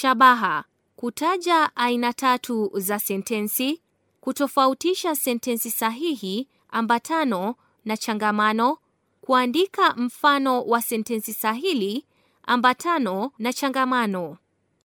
Shabaha: kutaja aina tatu za sentensi, kutofautisha sentensi sahihi, ambatano na changamano, kuandika mfano wa sentensi sahili, ambatano na changamano.